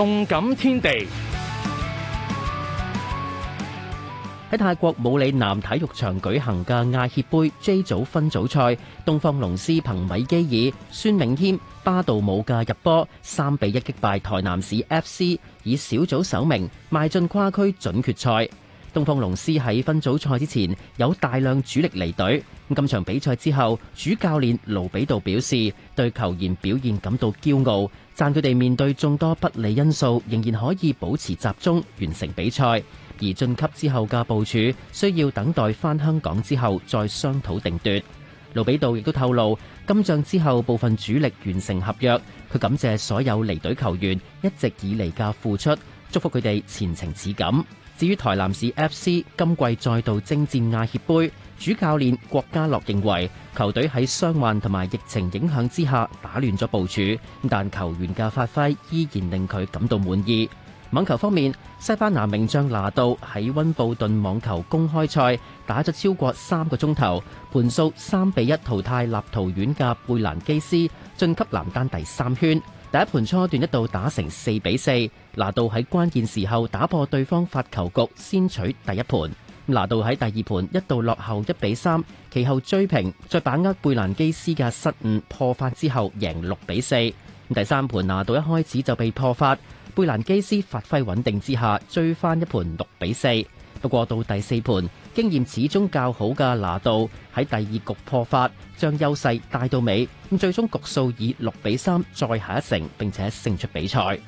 動感天地。喺泰國武里南體育場舉行嘅亞協杯 J 組分組賽，東方龍獅憑米基爾、孫銘謙、巴道姆嘅入波，三比一擊敗台南市 FC，以小組首名邁進跨區準決賽。東方龍獅喺分組賽之前有大量主力離隊，咁今場比賽之後，主教練盧比杜表示對球員表現感到驕傲，讚佢哋面對眾多不利因素仍然可以保持集中完成比賽。而晉級之後嘅部署需要等待返香港之後再商討定奪。盧比杜亦都透露，今仗之後部分主力完成合約，佢感謝所有離隊球員一直以嚟嘅付出。祝福佢哋前程似錦。至於台南市 FC 今季再度征戰亞協盃，主教練郭家樂認為球隊喺傷患同埋疫情影響之下打亂咗部署，但球員嘅發揮依然令佢感到滿意。網球方面，西班牙名將拿度喺溫布頓網球公開賽打咗超過三個鐘頭，盤數三比一淘汰立陶宛嘅貝蘭基斯，晉級男單第三圈。第一盤初段一度打成四比四，拿度喺關鍵時候打破對方發球局，先取第一盤。拿度喺第二盤一度落後一比三，其後追平，再把握貝蘭基斯嘅失誤破發之後，贏六比四。第三盤拿度一開始就被破發，貝蘭基斯發揮穩定之下追翻一盤六比四。不過到第四盤，經驗始終較好嘅拿度喺第二局破發，將優勢帶到尾，咁最終局數以六比三再下一城，並且勝出比賽。